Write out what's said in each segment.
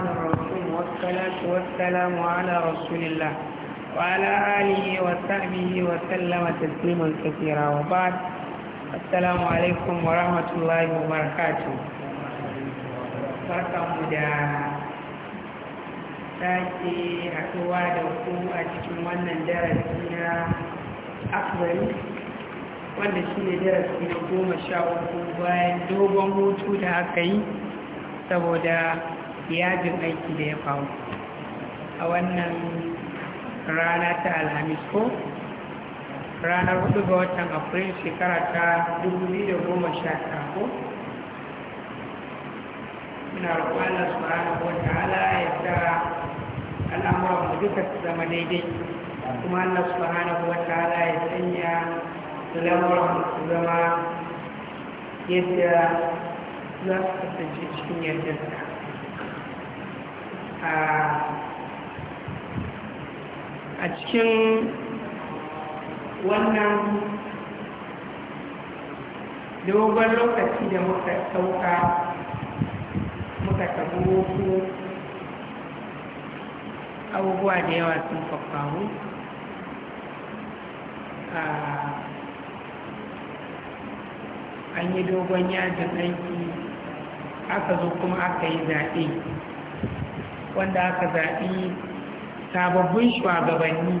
الرحمن الرحيم والصلاة والسلام على رسول الله وعلى آله وصحبه وسلم تسليما كثيرا وبعد السلام عليكم ورحمة الله وبركاته barkanmu da sake haɗuwa da ku a cikin wannan darasi na afirin wanda shi ne darasi na goma sha uku bayan dogon hutu da haka yi saboda yajin aiki da ya faru a wannan rana ta alhamis ko ranar 4 ga watan afirin shekara ta 2019 ko ina roƙon subhanahu wa ta'ala ya sa al'amuran mu duka su zama daidai kuma Allah subhanahu wa ta'ala ya sanya al'amuran mu su zama yadda za su kasance cikin yardarsa a cikin wannan dogon lokaci da muka sauka muka tabo abubuwa da yawa sun faru an yi dogon yajin aiki aka zo kuma aka yi zaɓe wanda aka zaɓi sababbin shugabanni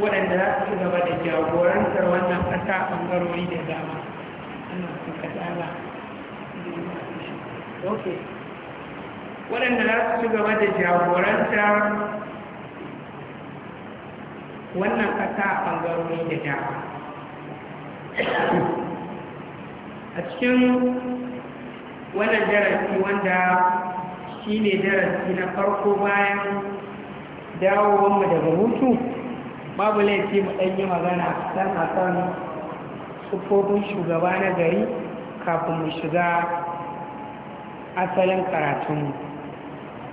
waɗanda za su gaba da jagorantar wannan ƙasa ɓangarori da dama ana suka tsara waɗanda za su gaba da jagorantar wannan ƙasa a ɓangarori da dama a cikin wannan darasi wanda shi ne darasi na farko bayan dawowanmu daga hutu babu laifi mu ɗanyi magana san a san siffofin shugaba na gari kafin mu shiga asalin karatunmu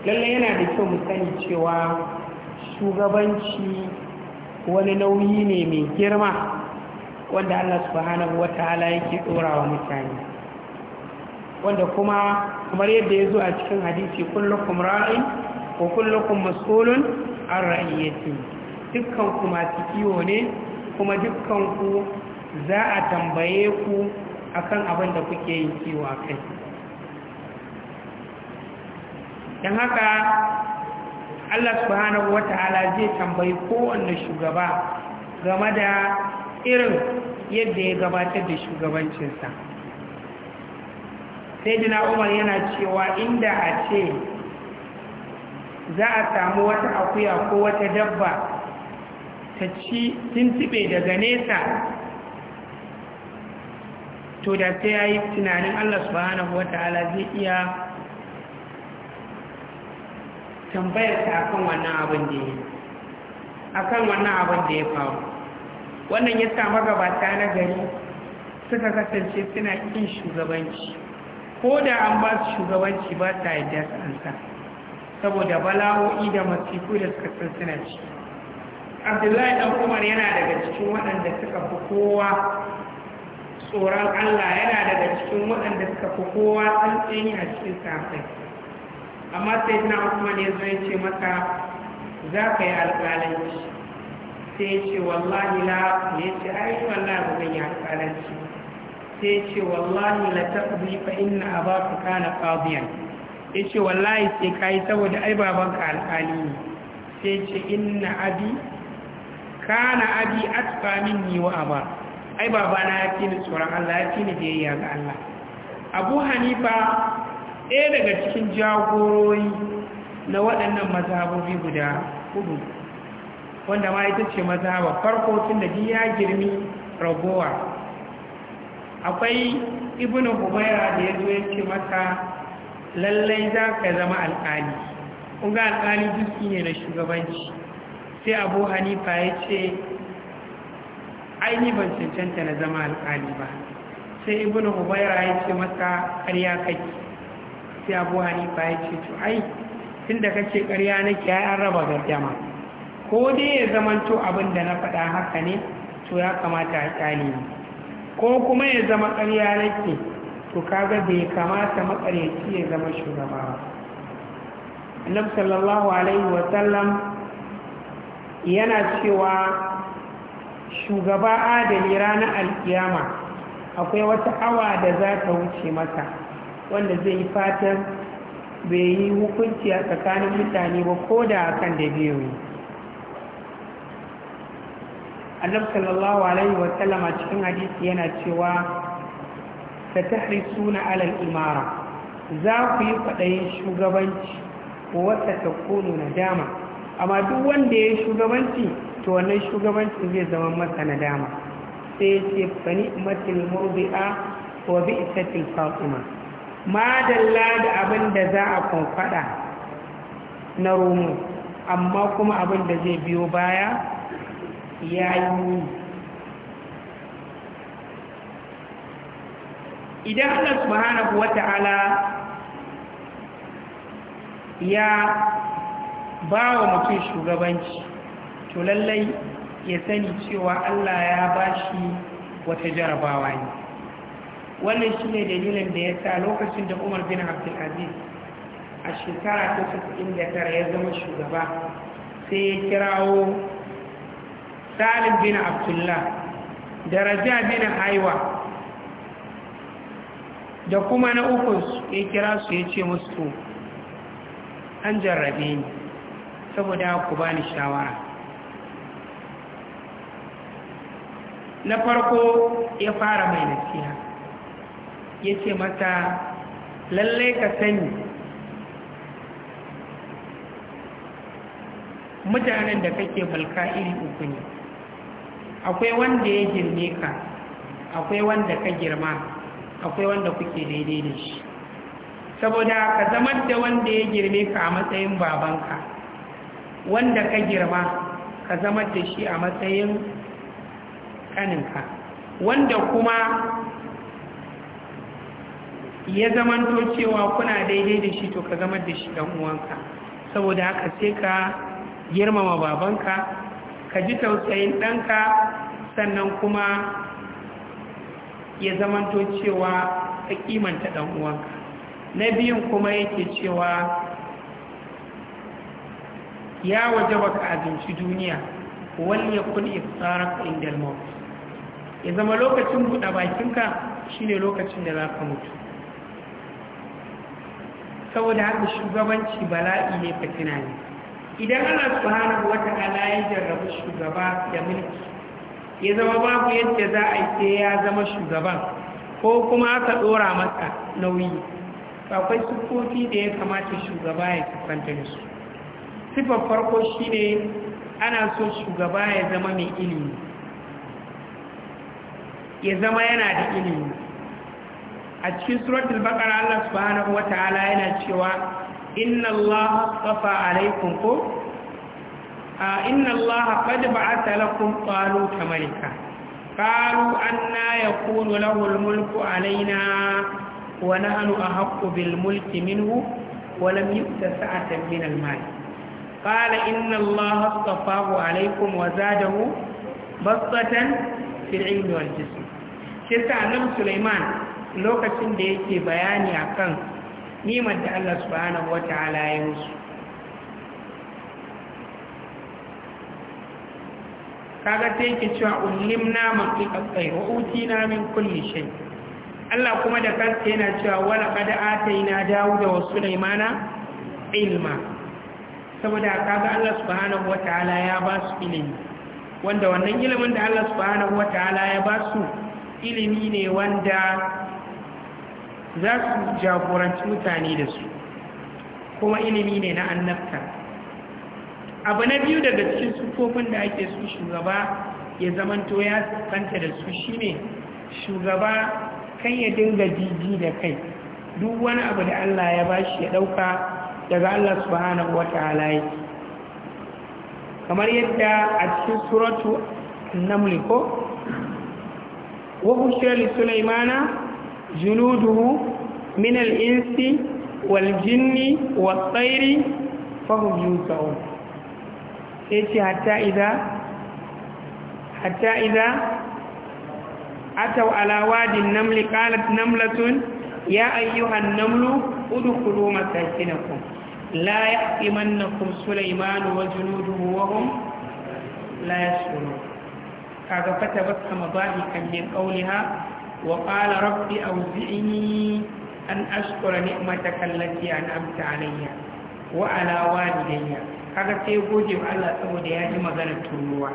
lallai yana da kyau mu sani cewa shugabanci wani nauyi ne mai girma wanda allah subhanahu wa ta'ala yake ɗora wa mutane wanda kuma kamar yadda ya zo a cikin hadisi kullukum ra'in wa kullukum mas'ulun an ra'iyati dukkan ku masu kiwo ne kuma dukkan ku za a tambaye ku akan abin da kuke yin kiwo a kai don haka Allah subhanahu wata'ala zai tambayi kowanne shugaba game da irin yadda ya gabatar da shugabancinsa sai jina umar yana cewa inda a ce za a samu wata akuya ko wata dabba ta ci tuntube daga nesa to da sai ya yi tunanin allah subhanahu wa ta'ala zai iya tambayar ta akan wannan abin da ya akan wannan abin da ya faru wannan ya sa gabata na gari suka kasance suna kin shugabanci ko da an ba su shugabanci ba ta yi dasa saboda bala'o'i da masifu da suka san ci abdullahi dan umar yana daga cikin waɗanda suka fi kowa tsoron allah yana daga cikin waɗanda suka fi kowa tsantsin a cikin safai amma sai na usman ya zo ce masa za ka yi alƙalanci sai ya ce wallahi la ya ce ai wallahi ba zan yi alƙalanci ba sai ce wallahi la taqdi fa inna abaka kana qadiyan yace wallahi sai kai saboda ai babanka alƙali ne sai ce inna abi kana abi atqa minni wa aba ai babana ya fi ni tsoron Allah ya fi ni yayya ga Allah Abu Hanifa ɗaya daga cikin jagorori na waɗannan mazhabobi guda hudu wanda ma ita ce mazhaba farko tun da ya girmi ragowa akwai ibn humaira da ya zo ya ce mata lallai za ka zama alƙali ƙunga alƙali duki ne na shugabanci sai abu hanifa ya ce aini ban cancanta na zama alƙali ba sai ibn humaira ya ce mata ƙarya kai sai abu hanifa ya ce to ai tun da kake ƙarya nake ya an raba jama ko dai ya zamanto abin da na faɗa haka ne to ya kamata a ƙyale ne ko kuma ya zama ƙarya nake to kaga bai kamata makaryaci ya zama shugaba annab sallallahu alaihi wasallam yana cewa shugaba adali ranar alkiyama akwai wata awa da za ta wuce mata wanda zai yi fatan bai yi hukunci a tsakanin mutane ba ko da kan da biyu annabi sallallahu alaihi wa sallama cikin hadisi yana cewa ta suna alal imara za ku yi kwaɗayin shugabanci wata ta kono na dama amma duk wanda ya yi shugabanci to wannan shugabancin zai zama masa na dama sai ce fani matil murbi'a ko bi isatil fatima Ma da abin da za a kwamfada na romo amma kuma abin da zai biyo baya ya yi muni idan allah subhanahu wa ya ba wa mutum shugabanci to lallai ya sani cewa allah ya ba shi wata jarabawa ne wannan shi ne dalilin da ya sa lokacin da umar bin abdulaziz a shekara ta 99 ya zama shugaba sai ya kirawo salim bin abdullah Daraja raja bin haiwa da kuma na uku ya kira su ya ce musu an jarrabe ni saboda ku ba ni shawara na farko ya fara mai nasiha ya ce mata lallai ka sani mutanen da kake balka iri uku ne akwai wanda ya girme ka akwai wanda ka girma akwai wanda kuke daidai da shi saboda ka zama da wanda ya girme ka a matsayin babanka wanda ka girma ka zama da shi a matsayin kaninka wanda kuma ya zamanto cewa kuna daidai da shi to ka zama da shi dan uwanka saboda haka sai ka girmama babanka ka ji tausayin ɗanka sannan kuma ya zamanto cewa ka kimanta ɗan uwanka na biyun kuma yake cewa ya waje baka abinci duniya wani ya kun iftarar indal maut ya zama lokacin buɗa bakinka shine lokacin da za ka mutu saboda haka shugabanci bala'i ne ka ne idan ana subhanahu wa ta'ala ya jarrabu shugaba ya mulki ya zama babu yadda za a yi sai ya zama shugaban ko kuma aka dora masa nauyi akwai sukoki da ya kamata shugaba ya kasanta da su sifar farko shine ana so shugaba ya zama mai ilimi ya zama yana da ilimi a cikin suratul baqara Allah subhanahu ta'ala yana cewa inna Allah safa alaikum ko inna Allah qad ba'atha lakum talut malika qalu anna yakunu lahu al-mulku alaina hannu a ahaqqu bil mulki minhu wa lam yu'ta sa'atan min al-mal qala inna Allah astafahu alaikum wa zadahu basatan fil ilmi wal jism shi lokacin da yake bayani akan niman da Allah subhanahu wa ta'ala ya musu kaga ta yake cewa ulimna maqiqat kai wa na min kulli shay Allah kuma da kanta yana cewa wala na dawo da wa Sulaimana ilma saboda kaga Allah subhanahu wa ta'ala ya ba su ilimi wanda wannan ilimin da Allah subhanahu wa ta'ala ya ba su ilimi ne wanda za su jagoranci mutane da su kuma ilimi ne na annabta abu na biyu daga cikin sufofin da ake su shugaba ya zamanto ya santa da su shi ne shugaba kan ya dinga jiji da kai duk wani abu da Allah ya bashi ya dauka daga Allah subhanahu wataala yake kamar yadda a cikin suratu an wa bushira li juluduhu min al-insi wal jinni wa tsairi fahim yusau sai ce hatta idan hatta idan atau ala wadin namli qalat namlatun ya ayyuhan namlu udkhulu masakinakum la yaqimannakum sulaiman wa junuduhu wa hum la kaga fata basta mabahi kan min qawliha وقال رب أوزعني أن أشكر نعمتك التي أنعمت علي وعلى والدي kaga sai goje wa Allah saboda ya ji magana turuwa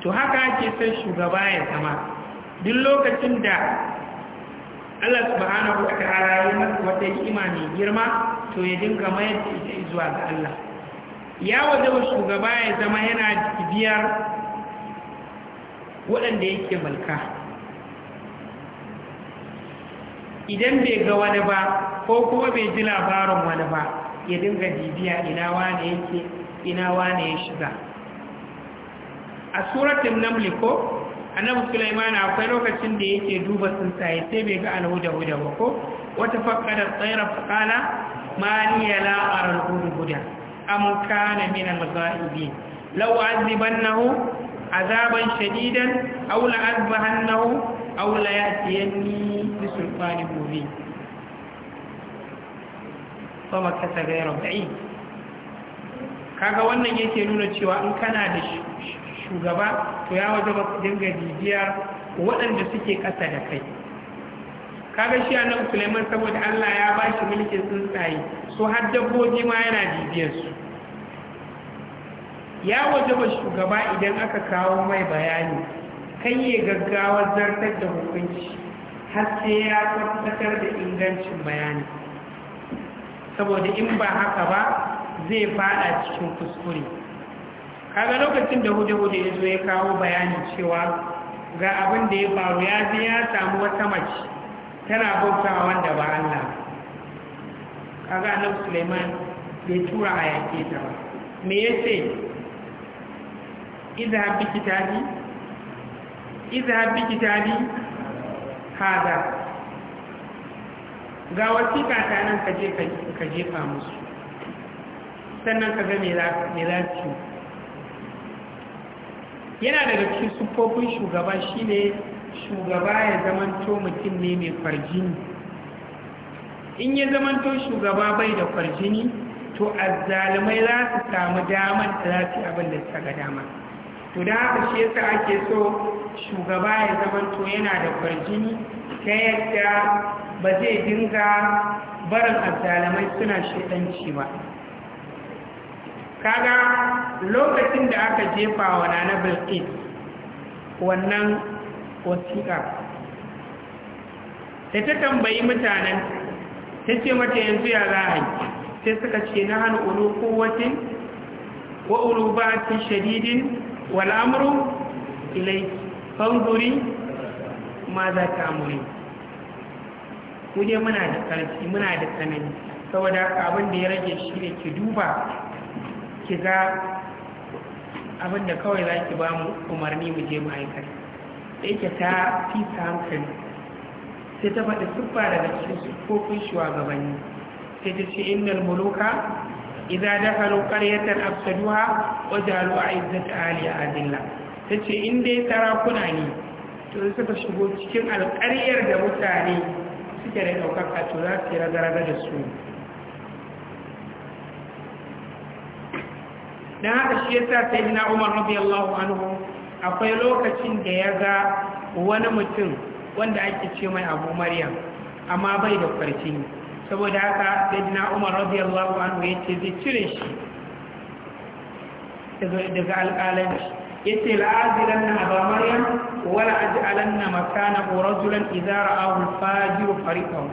to haka ake son shugaba ya zama duk lokacin da Allah subhanahu wa ta'ala ya masa wata ni'ima mai girma to ya dinga mayar da ita zuwa ga Allah ya waje wa shugaba ya zama yana biyar waɗanda yake mulka idan bai ga wani ba ko kuma bai ji labarin wani ba ya dinga bibiya ina wane yake ina wane ya shiga a suratun namliko ko annabi sulaiman akwai lokacin da yake duba tsuntsaye sai bai ga alhuda huda ba ko wata fakkada tsayar fakala ma ni ya la'ar alhuda huda am kana min al-ghaibi law azibannahu azaban shadidan aw la azbahannahu aw la yatiyanni bi sulfani mubin kuma ka ta kaga wannan yake nuna cewa in kana da shugaba to ya waje ba dinga bibiya waɗanda suke ƙasa da kai kaga shi annabi Sulaiman saboda Allah ya ba shi mulkin tsuntsaye so har dabbobi ma yana bibiyar su ya wajaba shugaba idan aka kawo mai bayani kan yi gaggawar zartar da hukunci har sai ya tabbatar da ingancin bayani saboda in ba haka ba zai fada cikin kuskure kaga lokacin da hude-hude ya zo ya kawo bayani cewa ga abin da ya faru ya je ya samu wata mace tana bautawa wanda ba Allah kaga annabi Suleiman bai tura a yake ta ba me yace izhab bi kitabi izhab bi kitabi hada ga wasiƙa ta nan ka jefa musu sannan ka ga me za su yana daga cikin siffofin shugaba shine shugaba ya zamanto mutum ne mai farjini in ya zamanto shugaba bai da farjini to azzalumai za su samu damar da za su yi abin da suka ga dama to da haka shi yasa ake so shugaba ya zamanto yana da farjini ta yadda ba zai dinga barin azalamai suna shaidanci ba kaga lokacin da aka jefa wa nana bilkis wannan wasiƙa da ta tambayi mutanen ta ce mata yanzu ya za a yi sai suka ce na hannu ulu kowatin wa ulu ba shadidin Wal'amuru, amru ilai fanzuri ma za ka amuri ku muna da karfi muna da tsanani saboda abin da ya rage shi ne ki duba ki ga abin da kawai za ki ba mu umarni mu je ma'aikata sai ki ta fi hankali sai ta faɗi siffa daga cikin siffofin shugabanni sai ta ce inda muluka idza dakhalu qaryatan afsaduha wa jalu izzat ahliha adilla tace in dai sarakuna ne to suka shigo cikin alƙaryar da mutane suke da ɗaukaka to za su yi raga da su Na haka shi yasa sai na umar radiyallahu anhu akwai lokacin da ya ga wani mutum wanda ake ce mai abu maryam amma bai da farcini saboda haka sayyidina umar radiyallahu anhu yace zai cire shi daga alƙalanci yace la'azilan na aba maryam wala aj'alan na makana rajulan izara ra'ahu al-fajiru farikon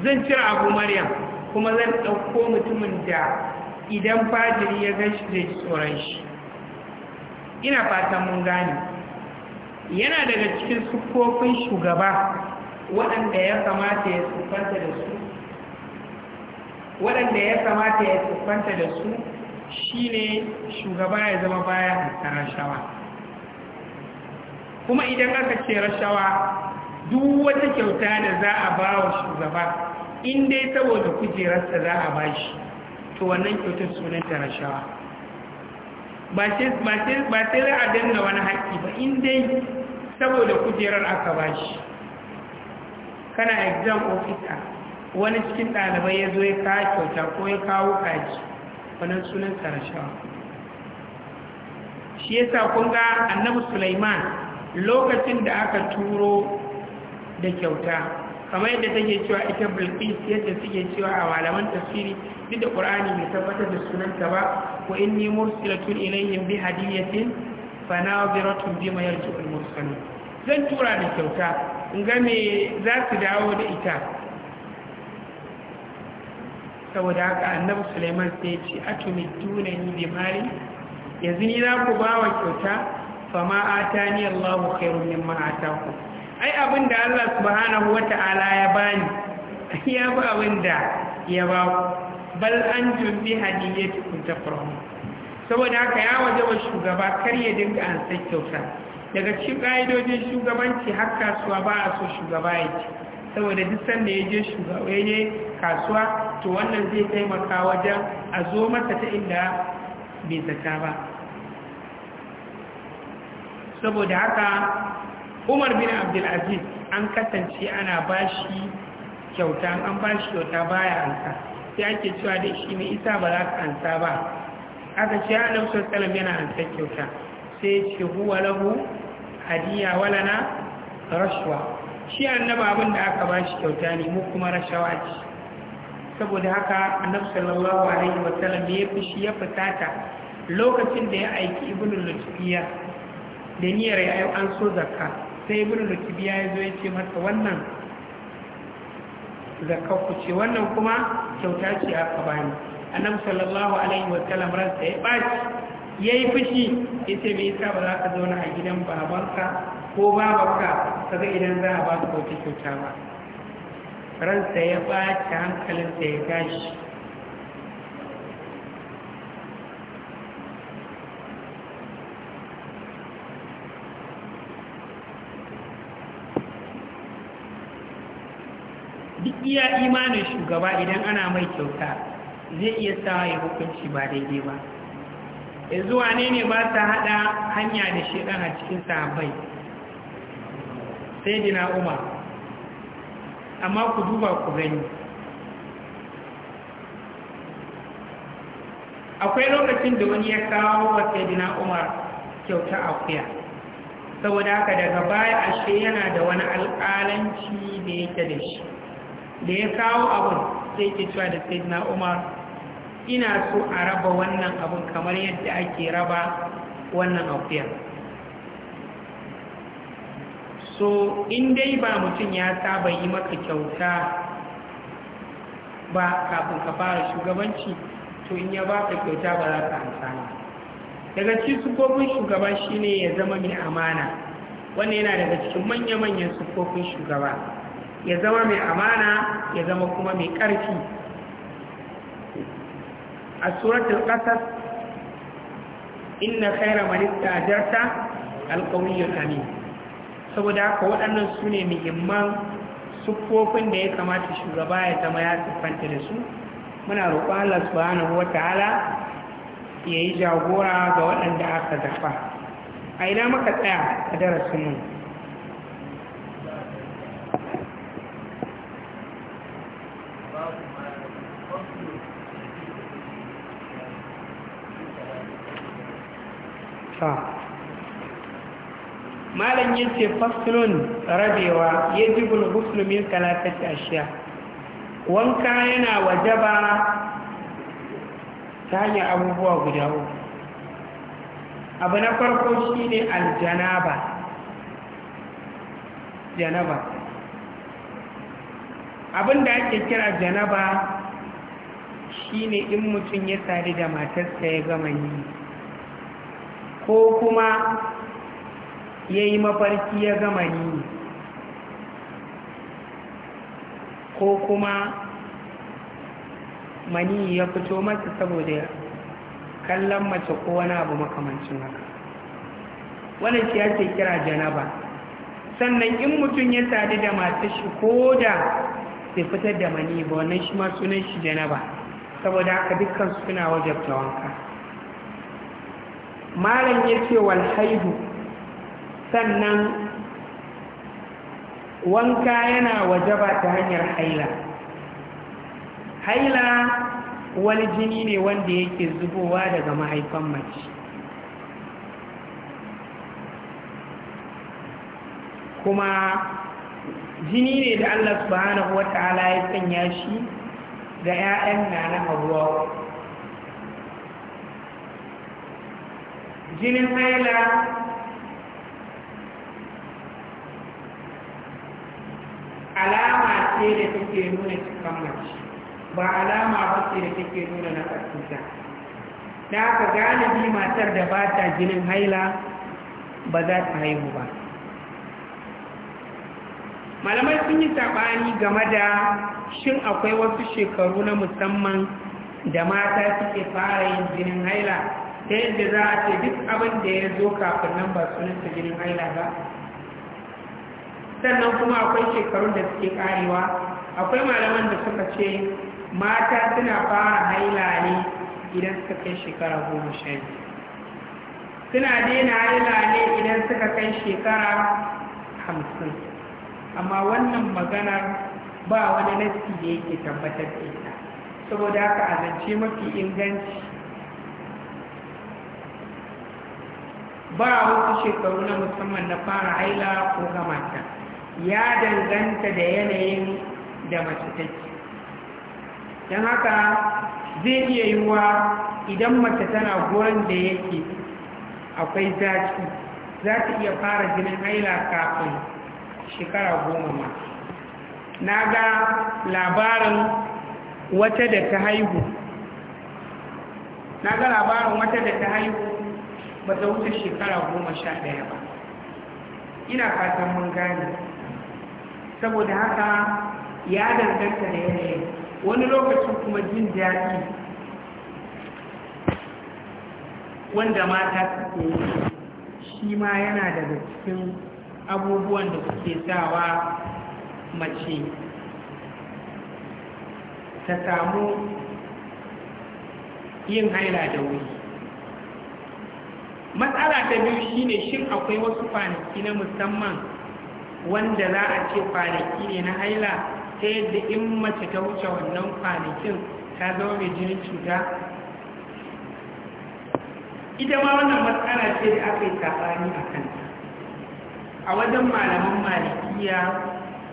zan cire abu maryam kuma zan ɗauko mutumin da idan fajiri ya shi zai tsoron shi ina fatan mun gane yana daga cikin sukofin shugaba waɗanda ya kamata ya sufanta da su waɗanda ya kamata ya siffanta da su shine shugaba ya zama baya hankar rashawa kuma idan aka ce rashawa duk wata kyauta da za a ba wa shugaba in dai saboda kujerarsa za a ba shi to wannan kyautar sunanta rashawa ba sai za a danna wani haƙƙi ba in dai saboda kujerar aka ba shi kana exam officer wani cikin ɗalibai ya zo ya kawo kyauta ko ya kawo kaji wani sunan sarashawa shi yasa kun ga annabi Sulaiman lokacin da aka turo da kyauta kamar yadda take cewa ita bilkis yadda suke cewa a malaman tafsiri duk da ƙur'ani bai tabbatar da sunanta ba Ko wa inni mursilatun ilayhim bi hadiyatin fa naziratun bima yarji'u al-mursalin zan tura da kyauta in ga me za su dawo da ita saboda haka annabi suleiman sai ya ce atumi dunani bi mali yanzu ni za ku ba wa kyauta fama atani allahu khairun mimma ataku ai abin da allah subhanahu wata'ala ya bani ya ba abin ya ba bal an jumbi kun tafrahu saboda haka ya waje wa shugaba kar ya dinga an sai kyauta daga cikin ƙa'idojin shugabanci har kasuwa ba a so shugaba ya ce saboda duk sanda ya je kasuwa to wannan zai taimaka wajen a zo masa ta inda bai zata ba saboda haka umar bin abdulaziz an kasance ana bashi kyauta an bashi kyauta baya ansa sai ake cewa dai shi ne isa ba za ka ansa ba aka ce a nan salam yana ansa kyauta sai ce huwa lahu hadiya walana rashwa shi annaba abin da aka bashi kyauta ne mu kuma rashawa ce saboda haka annabi sallallahu alaihi wasallam ya fushi ya fatata lokacin da ya aiki ibnu lutfiya da niyyar ya yi an so zakka sai ibnu lutfiya ya zo ya ce masa wannan zakka ku ce wannan kuma kyauta ce a kabani annabi sallallahu alaihi wasallam ransa ya baci yayi fushi yace me yasa ba za ka zauna a gidan babanka ko babanka kaga idan za a ba ka kyauta ba ransa ya ɓaci hankalinsa ya tashi duk iya imanin shugaba idan ana mai kyauta zai iya sawa ya hukunci ba daidai ba Ya zuwa ne ba ta hada hanya da shi a cikin sahabbai sai dina umar amma ku duba ku gani akwai lokacin da wani ya kawo wa sayyidina umar kyauta akuya saboda haka daga baya ashe yana da wani alƙalanci da yake da shi da ya kawo abin sai ke cewa da sayyidina umar ina so a raba wannan abin kamar yadda ake raba wannan akuyar so in dai ba mutum ya saba yi maka kyauta ba kafin ka fara shugabanci to in ya ba ka kyauta ba za ka amfani daga cikin sufofin shugaba shine ya zama mai amana wannan yana daga cikin manya-manyan sufofin shugaba ya zama mai amana ya zama kuma mai ƙarfi a suratul qasas inna khayra man jarta alqawiyyul amin saboda haka waɗannan su ne muhimman sufofin da ya kamata shugaba ya zama ya siffanta da su muna roƙon Allah subhanahu wataala ya yi jagora ga waɗanda aka zafa a ina muka tsaya a darasin mu Thank malam ya ce faslun rabewa ya ji bulhuslumin kalatacce ashiya wanka yana wajaba ta hanyar abubuwa guda uku abu na farko shi ne aljanaba janaba abinda ake kira janaba shi ne in mutum ya sadu da matarsa ya gama yi ko kuma ya yi mafarki ya gama ni ko kuma mani ya fito masa saboda kallon mace ko wani abu makamancin haka Wani shi ya ce kira janaba sannan in mutum ya sadu da matar shi ko da sai fitar da mani ba wannan shi masu sunan shi janaba saboda haka dukkan suna wajabta wanka malam ya ce Walhaihu. sannan wanka yana wajaba ta hanyar haila haila wani jini ne wanda yake zubowa daga mahaifan mace kuma jini ne da allah subhanahu ta'ala ya sanya shi ga 'ya'yan na na abuwa jinin haila alama ce da take nuna cikin mace ba alama ba ce da take nuna na ƙasuta da aka galibi matar da ba ta jinin haila ba za ta haihu ba malamai sun yi saɓani game da shin akwai wasu shekaru na musamman da mata suke fara yin jinin haila ta yadda za a ce duk abin da ya zo kafin nan ba sunanta jinin haila ba sannan kuma akwai shekarun da suke karewa akwai malaman da suka ce mata suna fara haila ne idan suka kai shekara goma sha suna daina haila ne idan suka kai shekara hamsin amma wannan maganar ba wani nasi da yake tabbatar da ita saboda haka a zance mafi inganci ba wasu shekaru na musamman na fara haila ko gamata ya danganta da yanayin da mace take don haka zai iya yi wa idan mace tana goron da yake akwai zaci za ta iya fara jinin haila kafin shekara goma ma na ga labarin wata da ta haihu na ga labarin wata da ta haihu ba ta wuce shekara goma sha ɗaya ba ina fatan mun gane saboda haka ya danganta da yanayi wani lokacin kuma jin daɗi wanda mata suke yi shi ma yana daga cikin abubuwan da suke sawa mace ta samu yin haila da wuri matsala ta biyu shine shin akwai wasu kwanaki na musamman wanda za a ce kwanaki ne na haila ta yadda in mace ta wuce wannan kwanakin ta zama mai jinin cuta ita ma wannan matsala ce da aka yi tafani a kanta a wajen malaman malikiya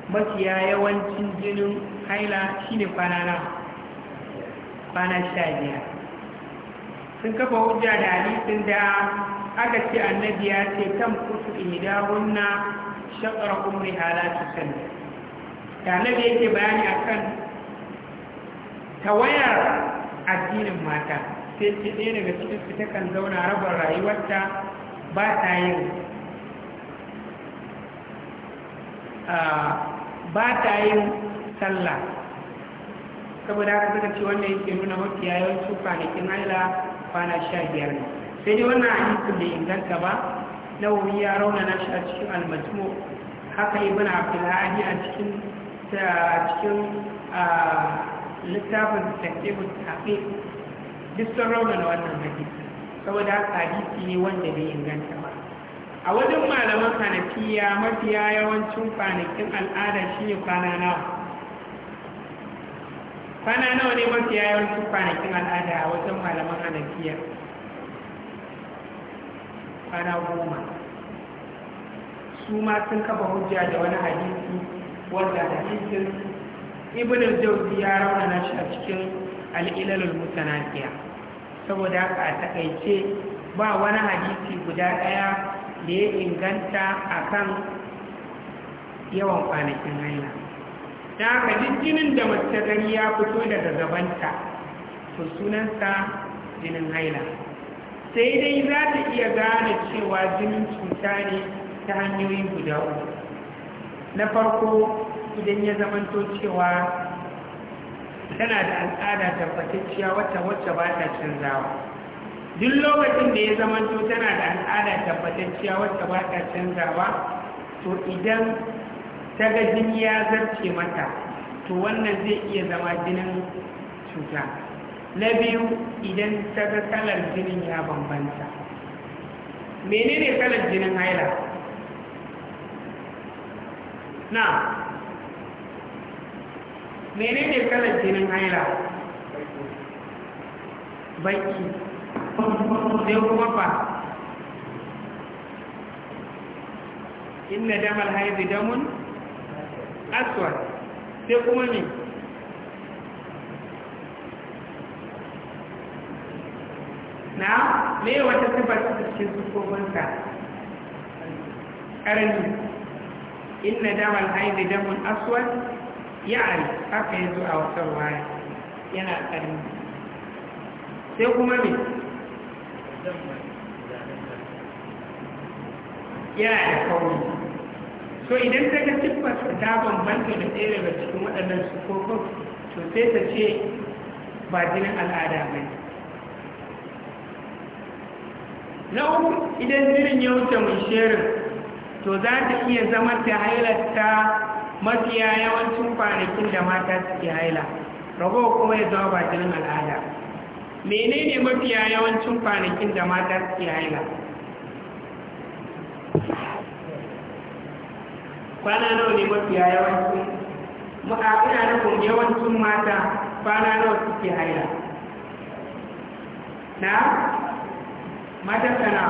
mafiya yawancin jinin haila shine kwana na kwana sha biyar sun kafa hujja da hadisin da aka ce annabi ya ce kan kusu na. shakara umri halatu sani tare da yake bayani akan tawayar addinin mata sai ce ɗaya daga cikin fita kan zauna rabar rayuwarta ba ta yin ba ta yin sallah saboda haka suka ce wannan yake nuna mafi yawanci kwanakin haila kwana sha biyar ne sai dai wannan hadisin bai inganta ba nawawi ya raunana shi a cikin al haka ibn abdul hadi a cikin cikin littafin taqibut haqiq duk sun raunana wannan hadisi saboda haka hadisi ne wanda bai inganta ba a wajen malaman hanafiya mafiya yawancin kwanakin al'ada shine ne kwana nawa kwana nawa ne mafiya yawancin kwanakin al'ada a wajen malaman hanafiya kwana goma su ma sun kafa hujja da wani hadisi wanda hadisin ibn al-jawzi ya raunana shi a cikin al al mutanaqiya saboda haka a takaice ba wani hadisi guda daya da ya inganta akan yawan kwanakin haila da haka jinin da mace ya fito daga gabanta to sunansa jinin haila sai dai za ta iya gane cewa jinin cuta ne ta hanyoyi guda uku na farko idan ya zamanto cewa tana da al'ada tabbatacciya wata wacce ba ta canzawa duk lokacin da ya zamanto tana da al'ada tabbatacciya wacce ba ta canzawa to idan ta ga jini ya zarce mata to wannan zai iya zama jinin cuta na biyu idan ta ga kalar jinin ya bambanta menene kalar jinin haila na menene kalar jinin haila baki sai kuma fa inna damal haizi damun aswad sai kuma ne na me wata sifar ta cikin sufofinsa ƙarni inna damal haidi damun aswad ya ari haka yanzu a wata waya. yana ƙarni sai kuma me yana da kauri so idan ta ga sifar ta bambanta da ɗaya daga cikin waɗannan sufofin to sai ta ce ba jinin al'ada mai na uku idan jirin ya wuce mai sherin to za ta iya zama ta hailata mafiya yawancin kwanakin da mata suke haila rago kuma ya zama ba jinin al'ada menene mafiya yawancin kwanakin da mata suke haila kwana nawa ne mafiya yawancin ma'afina kun yawancin mata kwana nawa suke haila na matan sana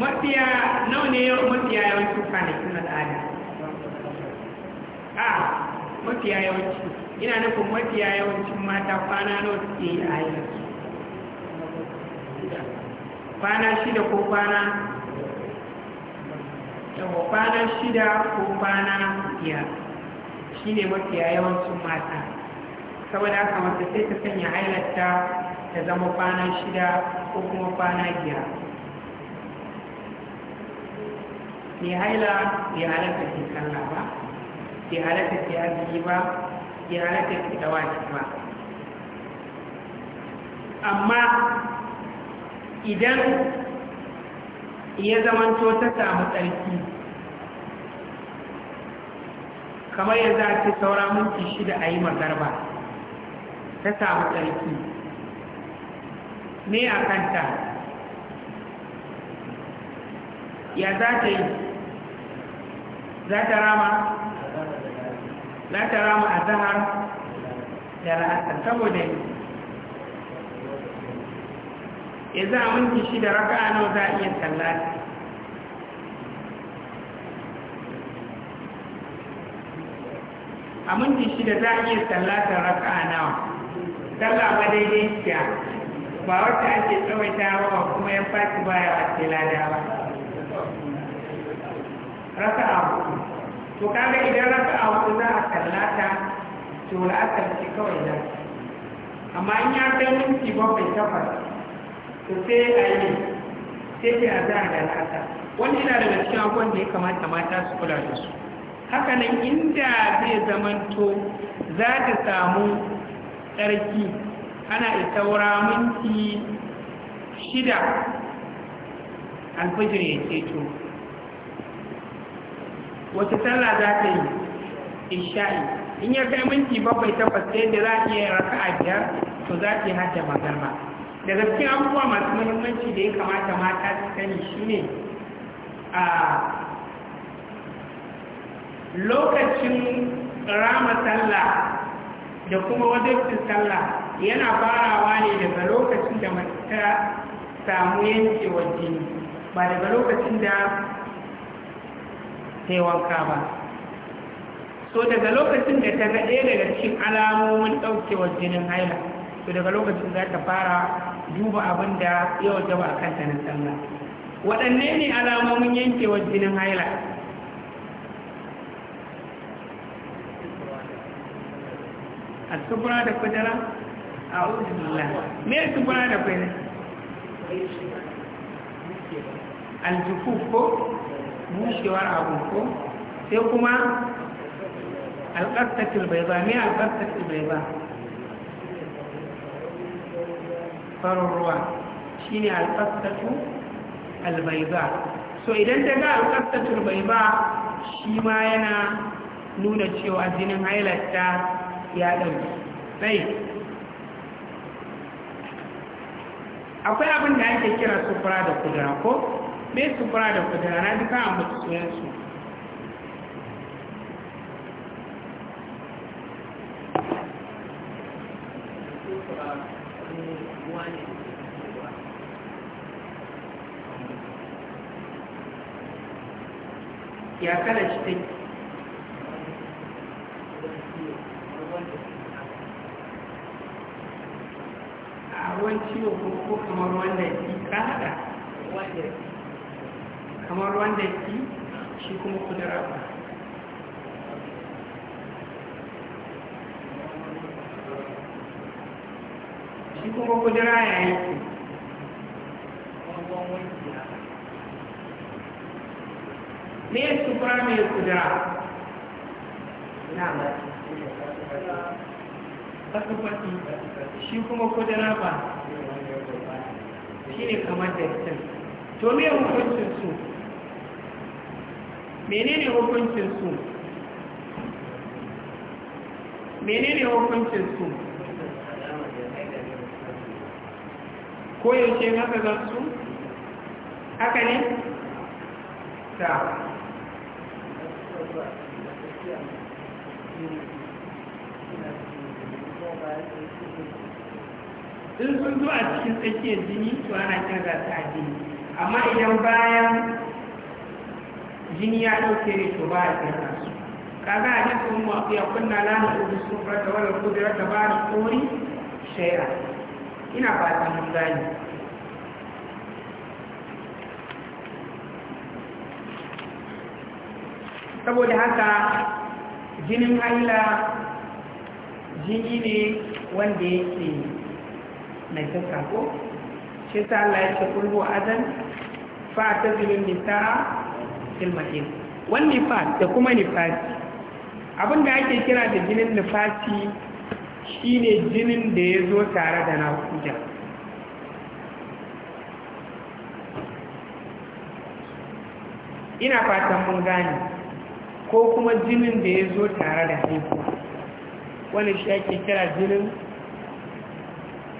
mafiya nawa ne yau mafiya yawanci kwanakin al'ada a ah, mafiya yawanci ina nufin mafiya yawancin mata kwana nawa suke yi a kwana shida ko kwana yawa kwana shida ko kwana biyar shi mafi mafiya yawancin mata saboda haka mace sai ta sanya hailarta ta zama kwana shida ko kuma kwana biyar mai haila bai halatta ke kalla ba bai halatta ke arziki ba bai halatta ke dawaki ba amma idan ya zamanto ta samu tsarki kamar yanzu a ce saura minti shida a yi magarba ta samu tsarki ne a kanta ya za ta yi za ta rama za ta rama a zahar da ra'asar saboda yanzu a minti shida raka'a nawa za a iya sallata a minti shida za a iya sallatar raka nawa sallah ba daidai shiya ba wata ake tsawaita ba kuma yan fati baya a ce lada ba raka a hudu to kaga idan raka a hudu za a sallata to la'asar ce kawai da. amma in ya kai minti bakwai takwas to sai a yi sai ke a za a da la'asar wani yana daga cikin abubuwan da ya kamata mata su kula da su hakanan inda zai zamanto za ta samu tsarki ana isaura minti shida alfajir ya ceto wata tsalla za ta yi isha'i in ya kai minti bakwai tabbas sai da za ta iya raka a biyar to za ta yi hajja magarba da gaske abubuwa masu muhimmanci da ya kamata mata su sani ne? a lokacin rama sallah da kuma Wadatun sallah yana farawa ne daga lokacin da mace ta samu yanke waje ba daga lokacin da ta yi wanka ba so daga lokacin da ta gaɗe daga cikin alamomin waje jinin haila so daga lokacin za ta fara duba abin da yau jaba a kanta na sallah waɗanne ne alamomin yankewar jinin haila al-kubra da kudura a'udhu billah me al-kubra da kudura al-jufuf ko mushewar abu ko sai kuma al-qastatul ba me al-qastatul bayda farin ruwa shine al-qastatul al-bayda so idan ta ga al-qastatul ba shi ma yana nuna cewa jinin hailata ya ɗauki sai akwai abin da ake kira sufura da kudura ko mai sufura da kudura na duka a mutu ya kada shi take kamar wanda yake ka hada kamar wanda yake shi kuma kudura ba shi kuma kudura ya yi ne su kura mai kudura na ba shi kuma kudura ba shi ne kamar da can to me hukuncin su menene hukuncin su menene hukuncin su ko yaushe haka zan su haka ne ta Thank you. sun sun zo a cikin tsakiyar jini na ana za su a jini amma idan bayan jini ya ɗauke ne to ba a kira su kaga a nan mafi a kunna lana ubi sun fata wala da ta ba da kori shaira ina fata mun gani saboda haka jinin haila jini ne wanda yake mai sassa ko shi ta Allah ya ce kulhu azan fa ta zilin nisa filmahin wani nifas da kuma nifasi abin da ake kira da jinin nifasi shine jinin da ya zo tare da na kuja ina fatan mun gane ko kuma jinin da ya zo tare da haihuwa wani shi ake kira jinin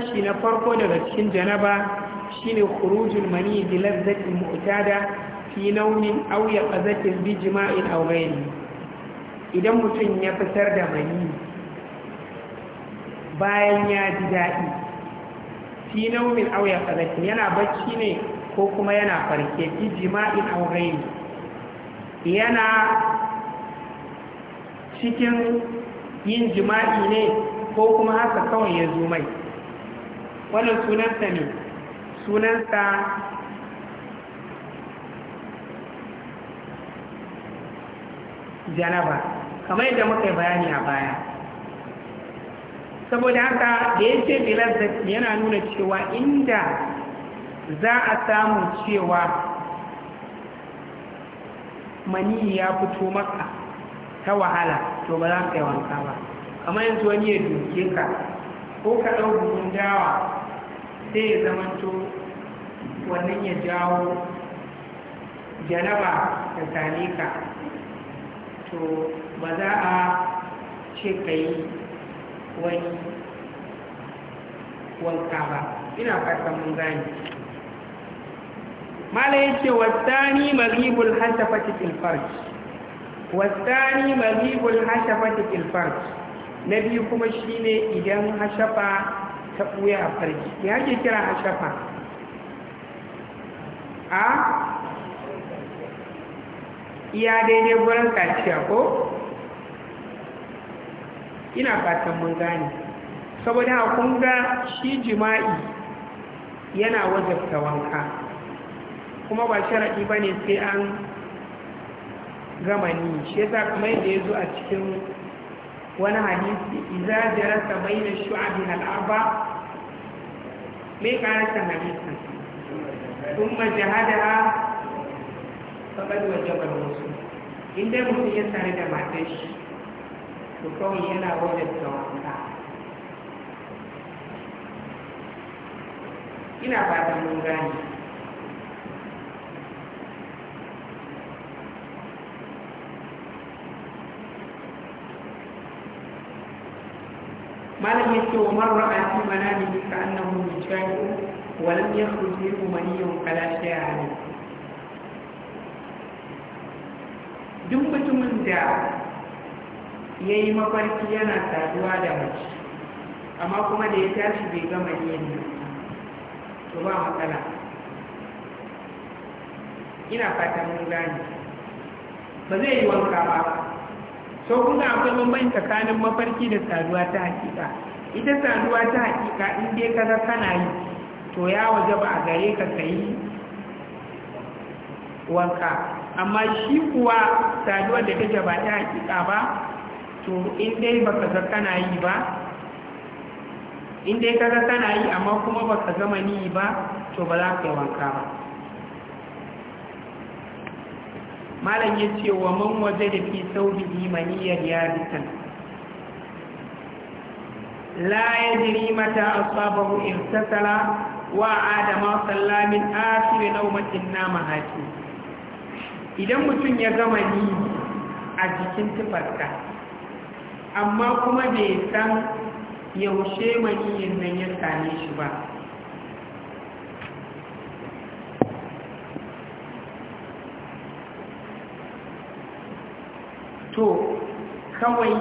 kashi na farko daga cikin janaba shine khurujul mani bi lazzatin mu'tada fi naunin aw yaqazatin bi jima'in aw ghayri idan mutum ya fitar da mani bayan ya ji daɗi fi naumin aw yaqazatin yana bacci ne ko kuma yana farke bi jima'in aw ghayri yana cikin yin jima'i ne ko kuma haka kawai ya zo mai wannan sunansa ne sunansa janaba kamar yadda muka yi bayani a baya saboda haka da ya ce bilazzati yana nuna cewa inda za a samu cewa mani ya fito maka ta wahala to ba za ka yi wanka ba kamar yanzu wani ya duke ka ko ka ɗau buhun dawa sai ya zamanto wannan ya jawo janaba da same to ba za a ce ka yi wani wanka ba ina fatan mun gani mala ya ce wasani mazibul hashafati fil farj wasani mazibul hashafati fil farj na biyu kuma shine idan hashafa ta ɓuya a farji ya ke kira a shafa a iya daidai gurin kaciya ko ina fatan mun gane saboda kun ga shi jima'i yana wajabta wanka kuma ba sharaɗi ba ne sai an gama ni shi sa kamar yadda ya zo a cikin wani hadisi iza jarasa bayna shu'abin al'arba mai karasa hadisin kuma jahadaha faɗaɗ wajen musu inda mutum ya tare da matar shi su kawai yana wajen tawaka ina fatan mun gane malam ya ce wa marra a fi manani bi ka annahu mujahidu wa lam yakhruj minhu maniyyun kala ne duk mutumin da yayi mafarki yana saduwa da mace amma kuma da ya tashi bai gama yin nan to ba matsala ina fatan mun gane ba zai yi wanka ba to kuma akwai bambanci tsakanin mafarki da saduwa ta hakika ita saduwa ta hakika in dai ka kaga kana yi to ya waje ba a gare ka sayi wanka amma shi kuwa saduwa da take ba ta hakika ba to in dai baka ga kana yi ba in dai ka kaga kana yi amma kuma baka gama ni ba to ba za ka yi wanka ba malam ya ce wa man waje da fi saubihi ya yarisan la ya jiri mata asabahu irtasala wa adama sallamin asiri naumatin nama haki idan mutum ya gama ni a jikin tufarka amma kuma bai san yaushe maniyin nan ya same shi ba kawai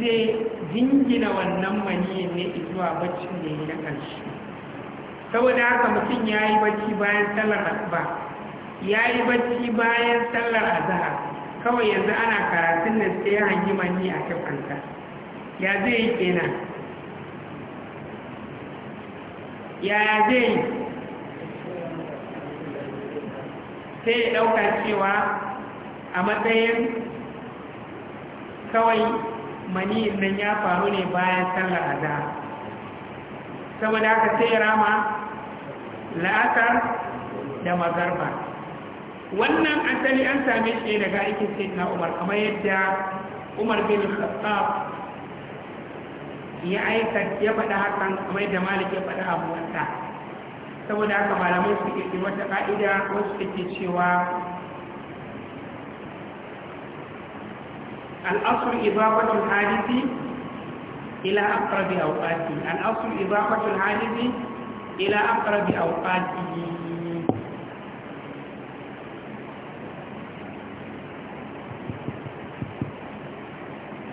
zai jingina wannan maniyin ne zuwa bacci da ya na ƙarshe saboda haka mutum ya yi bacci bayan sallar asuba ya yi bacci bayan sallar azahar kawai yanzu ana karatun nan sai ya hangi mani a kafanta ya zai yi kenan yaya zai sai ya ɗauka cewa a matsayin kawai mani nan ya faru ne bayan sallar azhar saboda haka sai rama la'asar da magarba wannan asali an same shi daga aikin sayyidina umar kamar yadda umar bin khattab ya aika ya faɗa hakan kamar yadda malik ya faɗa abuwansa saboda haka malamai su ke wata ƙa'ida wasu ke cewa al'asur ibabatul hadisi ila aqrabi awqati al'asur ibabatul hadisi ila aqrabi awqati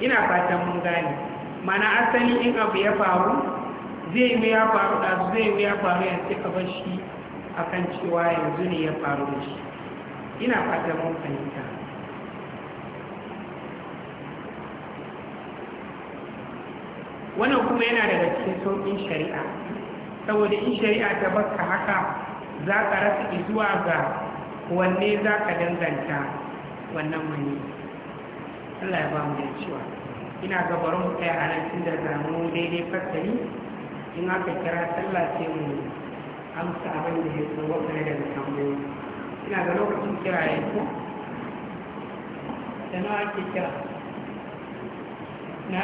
ina fatan mun gane mana asali in abu ya faru zai yi ya faru da zai yi ya faru ya ce akan cewa yanzu ne ya faru da shi ina fatan mun fahimta wannan kuma yana daga cikin sauƙin shari'a saboda in shari'a ta baka haka za ka rasa izuwa ga wanne za ka danganta wannan mani Allah ya ba mu da cewa ina gabarin kai a nan da zamu daidai fasali. in aka kira sallah sai mu amsa abin da ya tsawo kare daga tambayoyi ina ga lokacin kira ya ko da nawa ake kira na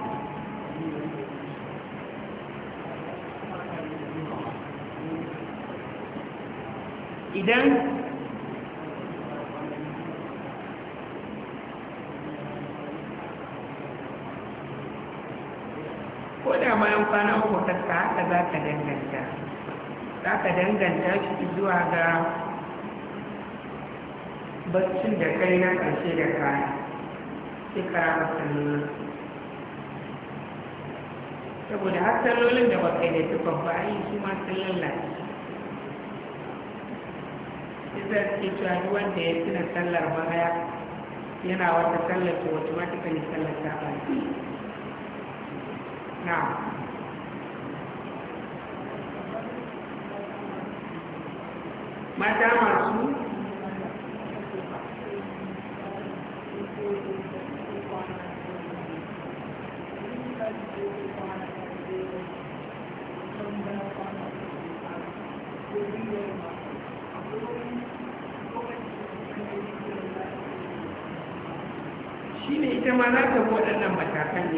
idan ko da bayan kwana uku ta haka za ka danganta za ka danganta shi zuwa ga baccin da kai na ƙarshe da kaya sai ka raba sallolin saboda har sallolin da ba kai da tukwa ba yi su ma sun lalace yasa cewa duk wanda ya tuna sallar baya yana wata sallar to wata mata kan sallar ta ba na mata masu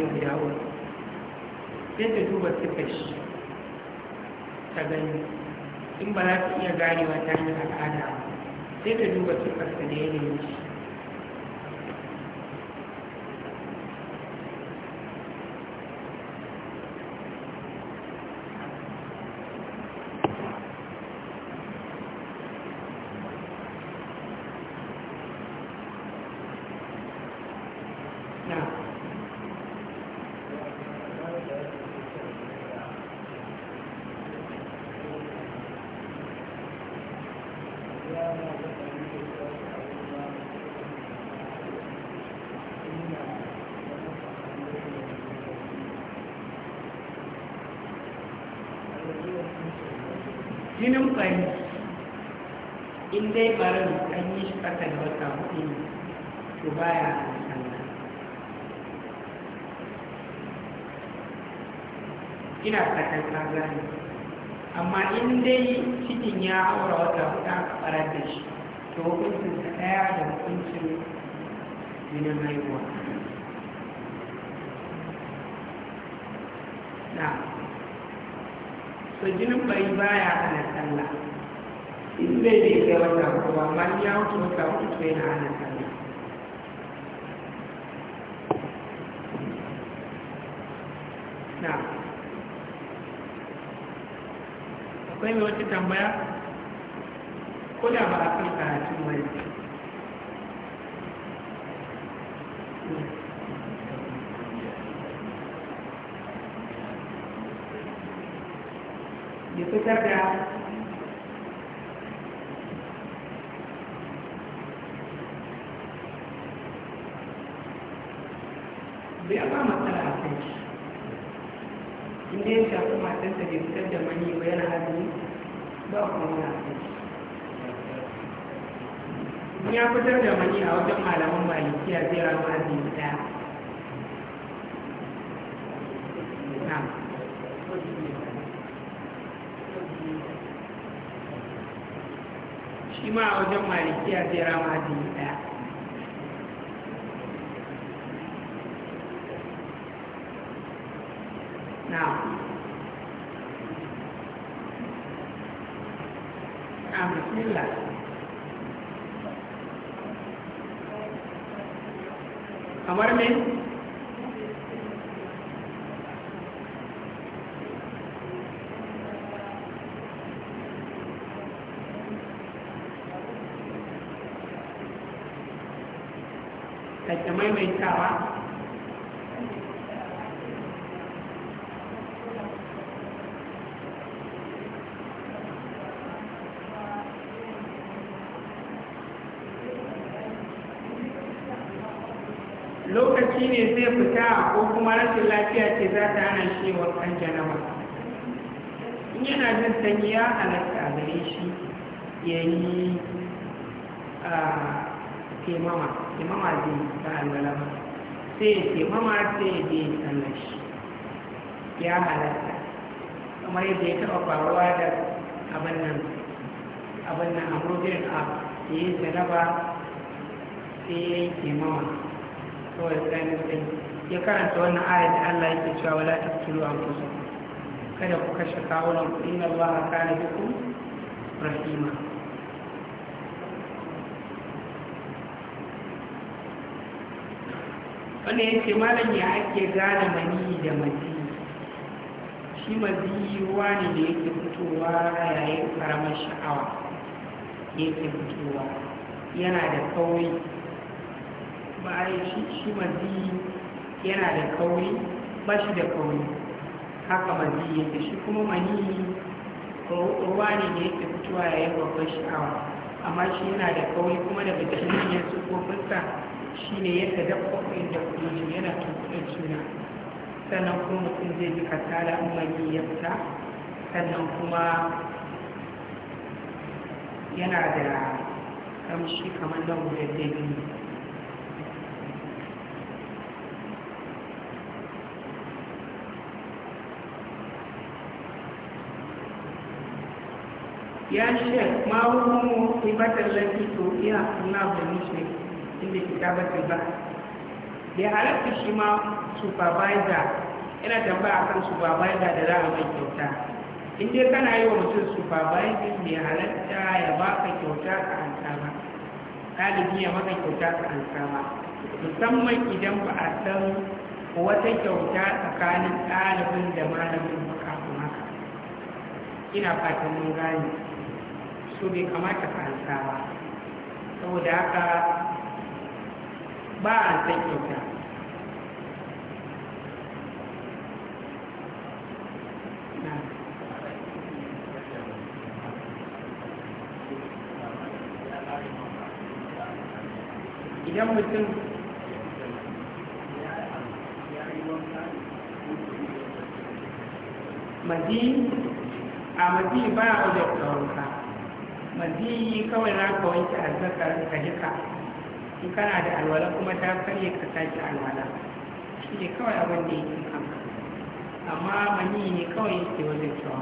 shehu ya wani sai ta duba suka shi ta gani in ba za ta iya ganewa ta hanyar al'ada sai ta duba suka su da yanayin shi jinin bari in dai barin an yi shi ƙasa da wata hudu ne to baya ina fatan ka gane amma in dai cikin ya haura wata hudu a farar da shi to hukuncin ta ɗaya da hukuncin jinin haihuwa na to jinin bai baya hana sallah in bai bai kai wata uku ba amma ya wuce wata uku to na hana sallah na akwai mai wata tambaya ko da ba a kan karatun wani a bismillah kamar me mai mai tsawa kuma rashin lafiya ce za ta hana shi kan janaba in yana jin sanyi ya halatta a gare shi ya yi taimama taimama zai ta alwalama sai ya taimama sai ya je sallar shi ya halatta kamar yadda ya taɓa faruwa da abin nan abin nan amurjin a ya yi janaba sai ya yi taimama kawai tsanin sanyi ya karanta wannan ayar da Allah yake cewa wala taqtulu anfusakum kada ku kashe kawunan ku inna Allah kana bikum rahima wannan yake malam ya ake gane mani da mati shi mazi ruwa ne da yake fitowa yayin karamar sha'awa yake fitowa yana da kawai ba a yi shi mazi yana da kauri ba shi da kauri haka mazi yake shi kuma mani ruwa ne da yake fitowa yayin babban sha'awa amma shi yana da kauri kuma da daga cikin ko fuska shi ne ya da kwakwai da kuɗi yana tukuɗin juna sannan kuma mutum zai ji kasala in mani ya fita sannan kuma yana da kamshi kamar nan da biyu ya shek ma hukumu ibatar lafi to iya suna bani shek inda kitabatul ba da halatta shi ma supervisor yana tambaya kan supervisor da za a mai kyauta in dai kana yi wa mutum supervising mai halatta ya baka kyauta ka hanta ba ɗalibi ya maka kyauta ka hanta ba musamman idan ba a san wata kyauta tsakanin ɗalibin da malamin ba kafin haka ina fatan mun gane to bai kamata ka ansa ba saboda haka ba a san kyauta idan mutum mazi a mazi ba a wajen wanka maziyi kawai za ka wanke azzakar ka jika in kana da alwala kuma ta karye ka sake alwala shi ne kawai abin da yake kanka amma mani ne kawai yake wajen cewa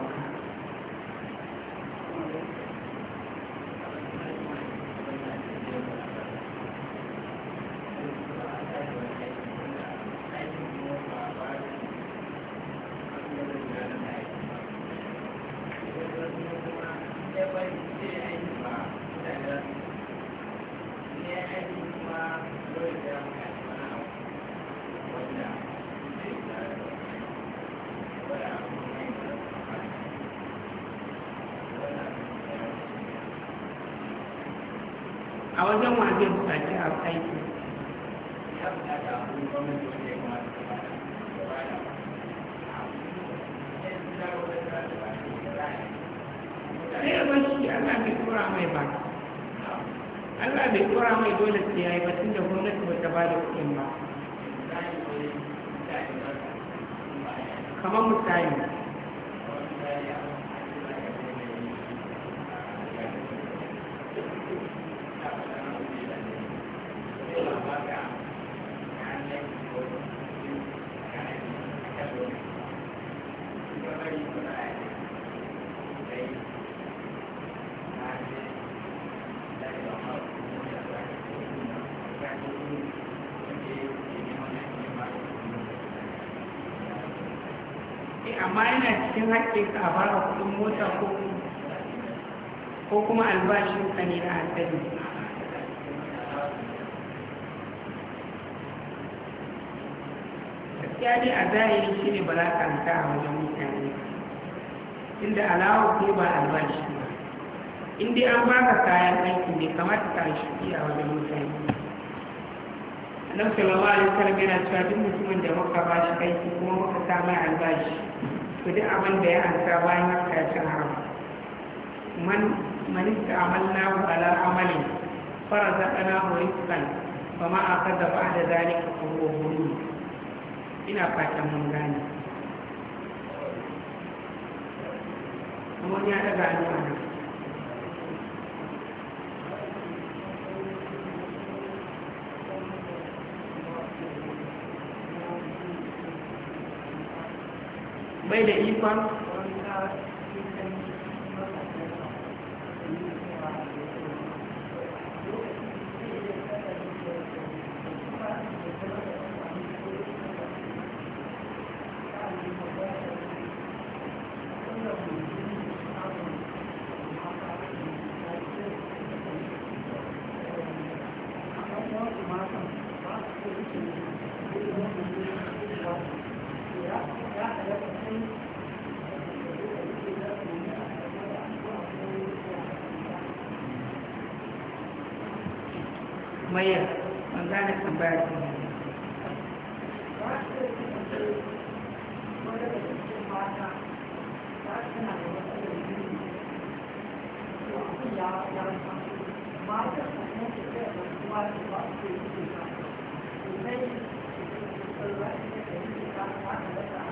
cikin ka a fara kuɗin mota ko kuma albashin ka ne na asali gaskiya ne a zahiri shi ne ba za ka rika a wajen mutane inda alawa ko ba albashi ba inda an an baka kayan aiki ne kamata ka shi a wajen mutane annabi sallallahu alaihi wasallam yana cewa duk mutumin da muka bashi aiki kuma muka samu albashi to duk abin da ya ansa bayan ya ya ci haram man manista amalna wa ala amali faraza ana horiskan ba ma a kada ba da zalika kuma wuri ina fatan mun gane kuma ya daga hannu bai da ikon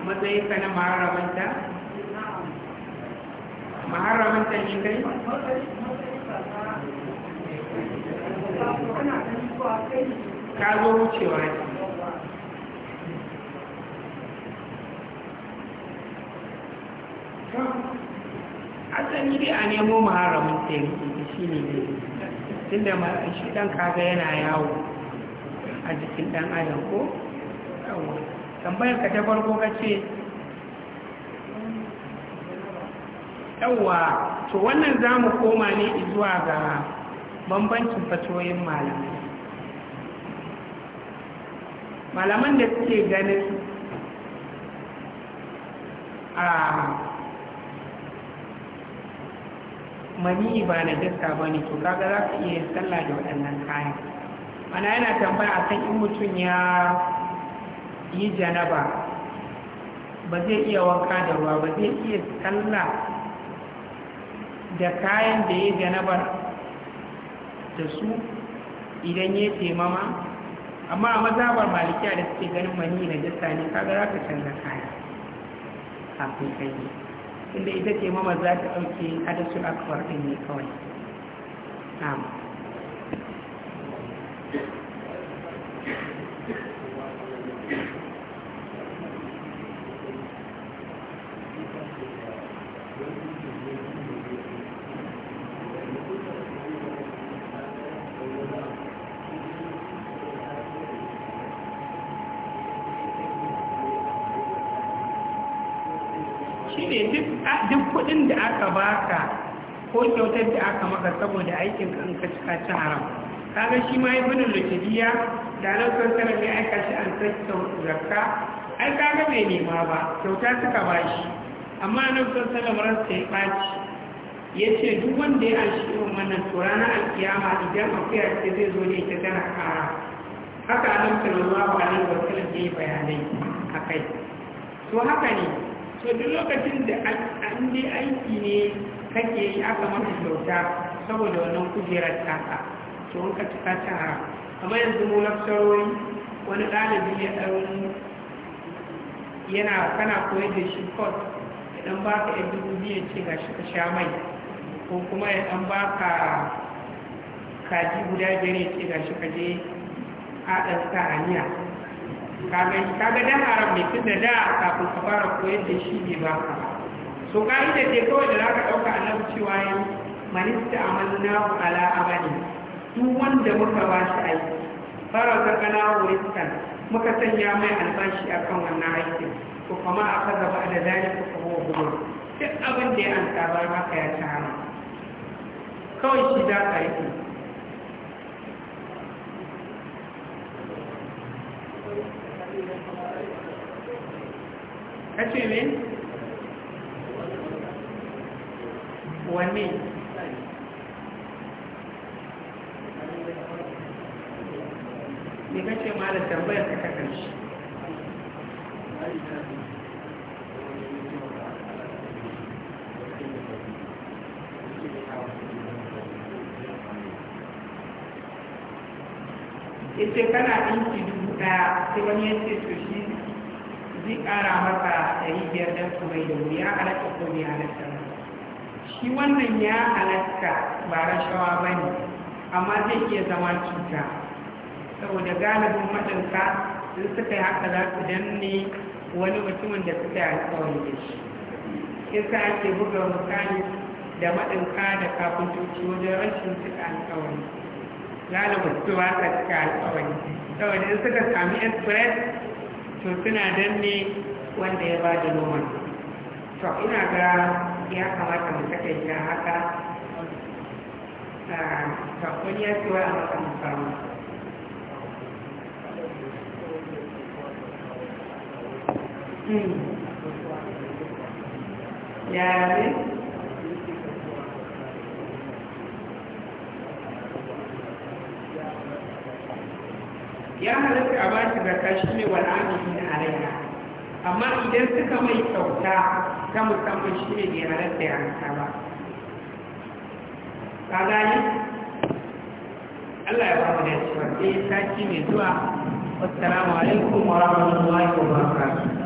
matsayin ka na maharamanta maharamanta ne kai ka zo wucewa ne asali dai a nemo maharamin taimaki shi ne ne tun da shi ɗan kaga yana yawo a jikin ɗan adam ko? yawon tambayar ka ta farko ka ce yawa to wannan za mu koma ne zuwa ga bambancin fatoyin malamai malaman da suke ganin a mani ba na jista ba ne to kaga za ka iya sallah da waɗannan kayan ana yana tambaya a kan in mutum ya yi janaba ba zai iya wanka da ruwa ba zai iya tsalla da kayan da ya janabar da su idan ya taimama amma a mazabar malikiya da suke ganin mani na jasa ne kaga za ka canza kaya kafin kai inda ita taimama za ta ɗauke hadasu akwar ɗin ne kawai Thank you. ce duk kudin da aka baka ko kyautar da aka maka saboda aikin ka in ka cika ci haram kaga shi ma ibn al-lukiya da nan san sanar ya aika shi an tsakka zakka ai kaga bai nema ba kyauta suka bashi amma nan san sanar ransa ya baci yace duk wanda ya ashi wannan to ranar alkiyama idan akwai a ce zai zo ne ita tana kara haka nan sallallahu alaihi wa sallam ya yi a akai to haka ne to duk lokacin da an dai aiki ne kake yi aka maka kyauta saboda wannan kujerar taka to wanka cika ta hara amma yanzu mu lafsarori wani ɗalibi ya ɗaurin yana kana koyar da shi kot idan ba baka yi dubu biyu ce ga shi ka sha mai ko kuma idan ba baka kaji guda biyar ya ce ga shi ka je haɗar sa kaga dan haram ne tun da da kafin ka fara koyar da shi ne ba ka so ka'ida da kawai da za ka ɗauka annabi cewa ya manista amanna ala amali duk wanda muka ba shi aiki fara na wuriskan muka sanya mai albashi akan wannan aikin ko kuma a kaza ba da zalika ko hukumar duk abin da ya an tabar maka ya ci hana kawai shi za ka yi kace ne wanne ne kace ma da tambayar ka ta karshe ita kana ɗinki ta sai wani ya ce to shi zai ƙara masa ɗari biyar don su mai ya halatta ko bai halatta ba shi wannan ya halatta ba rashawa ba ne amma zai iya zama cuta saboda galibin matanka, sun suka yi haka za su danne wani mutumin da suka yi alkawari da shi sa ake buga misali da maɗinka da kafin kafintoci wajen rashin suka alkawari za na ba ta cika alkawari saboda in suka sami express to suna danne wanda ya ba da noman to ina ga ya kamata mu takaita haka ah, ta wani ya ce wa a maka musamman hmm. ya ne ya halatta a ba shi zakka shi ne wani amini na alaiya amma idan suka mai kyauta ta musamman shi ne bai halatta ya hanta ba kagani Allah ya ba mu da shi wa sai eh, sati mai zuwa wassalamu alaikum wa rahmatullahi wa barakatuh